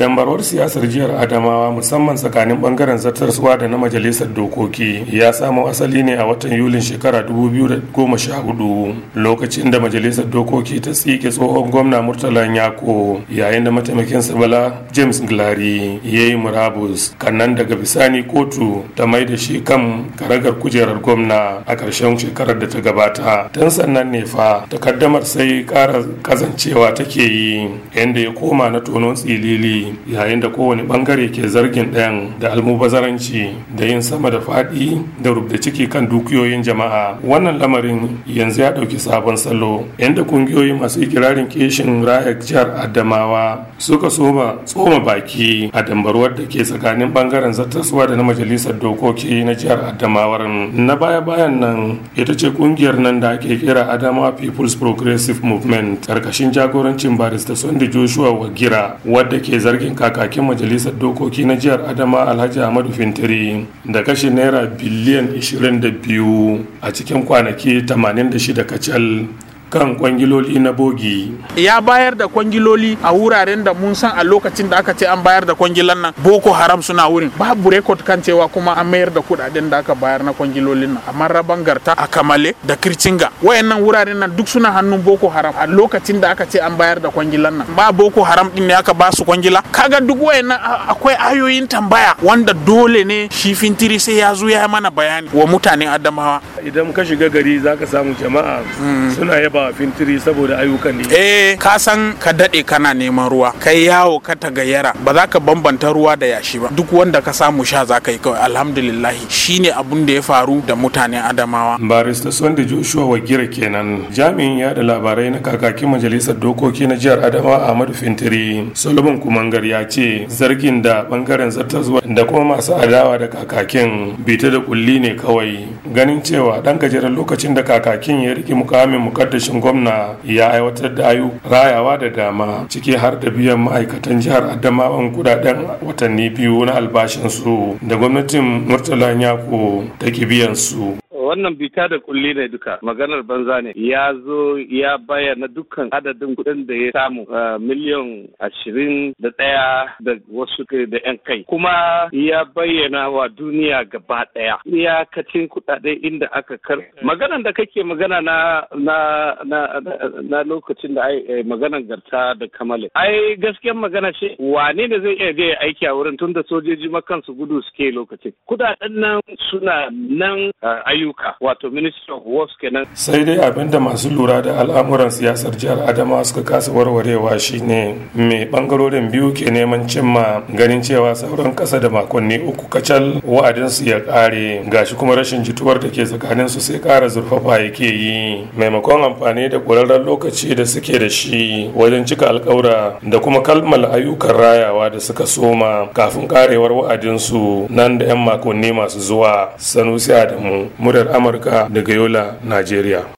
dambarwar siyasar jihar adamawa musamman tsakanin bangaren zartarsuwa da na majalisar dokoki ya samo asali ne a watan yulin shekara 2014 lokacin da majalisar dokoki ta tsike tsohon gwamna murtala yako yayin da mataimakin sabala james glari ya yi murabus kannan daga bisani kotu ta mai da shi kan karagar kujerar gwamna a karshen shekarar da ta gabata tun sannan ne fa takaddamar sai kara kazancewa take yi yadda ya koma na tonon tsilili yayin da kowane bangare ke zargin ɗayan da almubazaranci da yin sama da faɗi da rubda ciki kan dukiyoyin jama'a wannan lamarin yanzu ya ɗauki sabon salo yadda kungiyoyi masu ikirarin kishin raya jihar adamawa suka soma tsoma baki a dambarwar da ke tsakanin bangaren zattaswa da na majalisar dokoki na jihar adamawar na baya-bayan nan ita ce kungiyar nan da ake kira adamawa people's progressive movement karkashin jagorancin barista sunday joshua wagira wadda ke zargin mataimakin kakakin majalisar dokoki na jihar adama alhaji ahmadu fintiri da kashe naira biliyan 22 a cikin kwanaki 86 kacal kan kwangiloli na bogi. Ya bayar da kwangiloli a wuraren da mun san a lokacin da aka ce an bayar da kwangilan nan Boko Haram suna wurin. Babu rekod kan cewa kuma an mayar da kudaden da aka bayar na kwangilolin nan. Amma raban garta a Kamale da Kircinga. Wayannan wuraren nan duk suna hannun Boko Haram a lokacin da aka ce an bayar da kwangilan nan. Ba Boko Haram din ne aka ba su kwangila. Kaga duk wayannan akwai ayoyin tambaya wanda dole ne shi fintiri sai ya zo ya mana bayani wa mutanen Adamawa. Idan ka shiga gari zaka samu jama'a hmm. suna yaba fintiri saboda ayyukan ne eh ka san ka dade kana neman ruwa kai yawo ka tagayyara ba za ka bambanta ruwa da yashi ba duk wanda ka samu sha za ka yi kawai alhamdulillah shine abun da ya faru da mutane adamawa barista sunday joshua wagira kenan jami'in yada labarai na kakakin majalisar dokoki na jihar adamawa ahmadu fintiri solomon kumangar ya ce zargin da bangaren zartaswa da kuma masu adawa da kakakin bita da kulli ne kawai ganin cewa dan gajeren lokacin da kakakin ya rike mukamin mukaddashi. ofishin gwamna ya aiwatar da ayu rayawa da dama ciki har da biyan ma'aikatan jihar adamawan kudaden watanni biyu na albashinsu da gwamnatin murtala yako ta biyan su wannan bita da kulli ne duka maganar banza ne ya zo ya bayyana dukkan adadin kudin da ya samu eh, miliyan ashirin da ɗaya da wasu da yan kai kuma ya bayyana wa duniya gaba ɗaya iyakacin kuɗaɗe inda aka kar maganar da kake magana na na na na lokacin da ai eh, maganar garta da kamale ai gaskiyar magana shi wane ne zai iya je aiki a wurin tunda sojoji makansu gudu suke lokacin Kudaden nan suna nan eh, ayyuka doka wato ministry of works kenan sai dai abinda masu lura da al'amuran siyasar jihar Adama suka kasa warwarewa shine mai bangarorin biyu ke neman cimma ganin cewa sauran kasa da makonni uku kacal wa'adinsu ya kare gashi kuma rashin jituwar da ke tsakanin su sai kara zurfafa yake yi maimakon amfani da ƙurarren lokaci da suke da shi wajen cika alƙawura da kuma kalmala ayyukan rayawa da suka soma kafin karewar wa'adinsu nan da 'yan makonni masu zuwa sanusi adamu murar amurka daga yola nigeria.